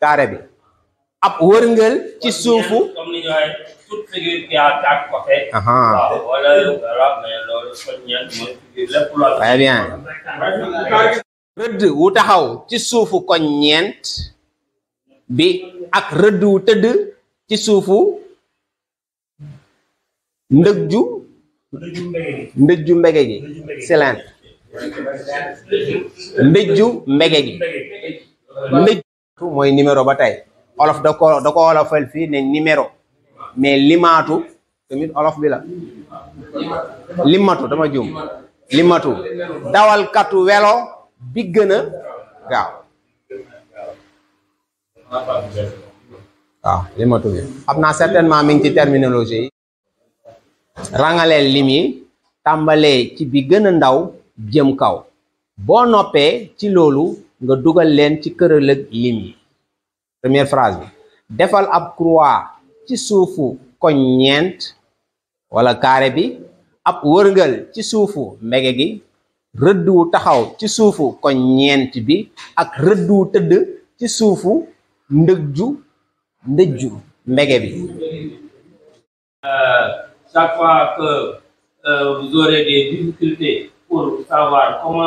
carré bi ab wërngël ci suufu ah ah. très bien rëdd wu taxaw ci suufu koñ ñeent bi ak rëdd wu tëdd ci suufu ndëgju ndëgju mbege gi silent ndëgju ndëj mooy numéro ba tey olof da ko da olofal fii ne numéro mais limaatu tamit bi la limatu dama jum limatu dawalkatu welo bi gën a gaaw waaw limatu bi xam naa certainement mi ngi ci terminologie rangaleel lim tàmbalee ci bi gën a ndaw jëm kaw boo noppee ci loolu nga dugal leen ci këral ak lim yi première phrase bi defal ab croix ci suufu koñ ñeent wala carré bi ab wërngal ci suufu mbege gi rëdd wu taxaw ci suufu koñ ñeent bi ak rëdd wu tëdd ci suufu ndëgju ndëjju mbege bi euh,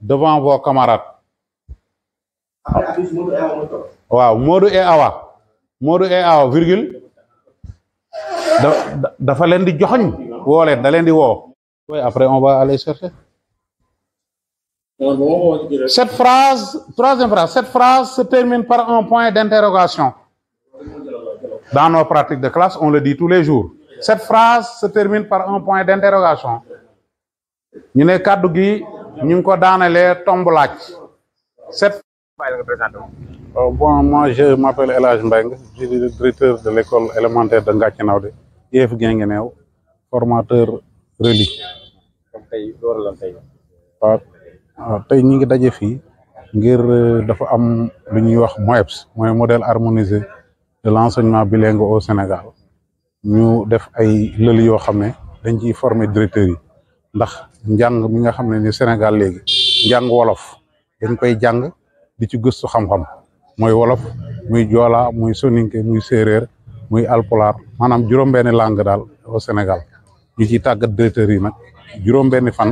devant vos camarades. waaw Modou et Awa Modou virgule da dafa leen di joxoñ woo leen da leen di woo. après on va aller chercher. Cette phrase, troisième phrase, cette phrase se termine par un point d'interrogation. Dans nos pratiques de classe, on le dit tous les jours. Cette phrase se termine par un point d'interrogation. ñu ne kàddu ñu ngi ko daanalee tomb laaj sept euh, bon moi je m'appelle El Hadj Mbengue je suis le directeur de l'école élémentaire de Ngathie Naoudé IEF Guinguinéo formateur relais tey ñi ngi daje fii ngir euh, dafa am lu ñuy wax MOEPS mooy modèle harmonisé de l'enseignement bilingue au Sénégal ñu def ay lël yoo xam ne dañ ciy former directeurs yi ndax njàng mi nga xam ne ni Sénégal léegi njàng wolof dañ koy jàng di ci gëstu xam-xam mooy wolof muy joola muy soninke muy séeréer muy alpulaar maanaam juróom-benni langue daal au Sénégal ñu ciy tàggat directeurs yi nag juróom fan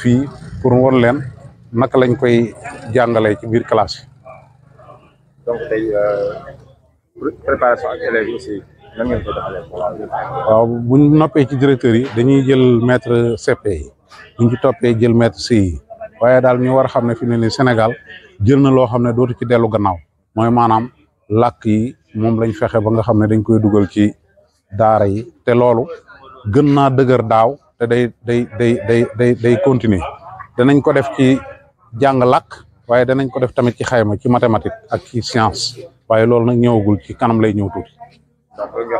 fii pour won leen naka lañ koy jàngalee ci biir classe yi. donc euh, waaw bu ñu noppee ci directeur yi dañuy jël maître CP yi bu ci toppee jël maître CI yi waaye daal ñu war a xam ne fi mu ne nii Sénégal jël na loo xam ne dootu ci dellu gannaaw mooy maanaam làkk yi moom lañ fexe ba nga xam ne dañ koy dugal ci daara yi te loolu gën naa dëgër daaw te day day day day day day continuer danañ ko def ci jàng lakk waaye danañ ko def tamit ci xayma ci mathématique ak ci science waaye loolu nag ñëwagul ci kanam lay ñëw donc loolu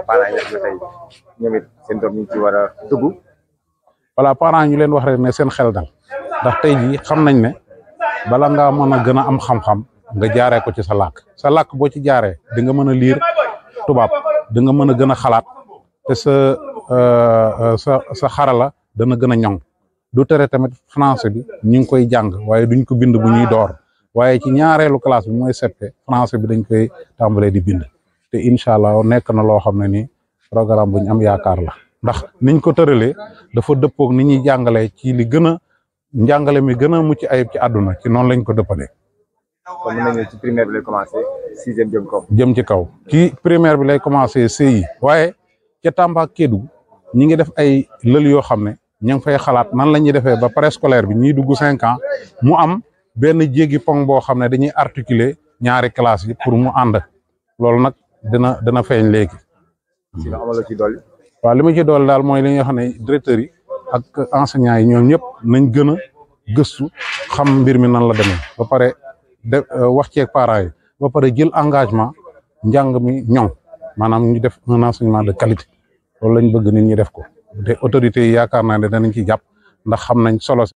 nga ñu a dugg voilà leen wax rek ne seen xel dal ndax tey jii xam nañ ne bala ngaa mën a gën a am xam-xam nga jaaree ko ci sa làkk sa làkk boo ci jaaree di nga mën a liir tubaab di nga mën a gën a xalaat te sa euh, sa sa xarala dana gën a ñoŋ du tere tamit français bi ñu ngi koy jàng waaye duñ ko bind bu ñuy door waaye ci ñaareelu classe bi mooy septe français bi dañ koy tàmbalee di bind te incha allah nekk na loo xam ne ni programme bu ñu am yaakaar la ndax niñ ko tëralee dafa dëppoog ni ñuy jàngalee ci li gën a njàngale mi gën a mucc ayib ci àdduna ci noonu lañ ko dëppalee. kon mën nañu ci primaire bi commencé sixième jëm jëm ci kaw ci primaire bi lay commencé CI waaye ca Tamba Kédougou ñi ngi def ay lël yoo xam ne ñu ngi fay xalaat nan la ñuy defee ba préscolaire bi ñuy dugg cinq mu am benn jéggi pong boo xam ne dañuy articuler ñaari classes yi pour mu ànd loolu nag. dina dina feeñ léegi. waaw li ma ci daal mooy li nga xam ne directeurs yi ak enseignants yi ñoom ñëpp nañ gën a gëstu xam mbir mi nan la demee ba pare de euh, wax ceeg parents yi ba pare jël engagement njàng mi ñoŋ maanaam ñu def un enseignement de qualité loolu lañ bëgg nit ñi def ko te autorités yi yaakaar naa ne danañ ci jàpp ndax xam nañ solo.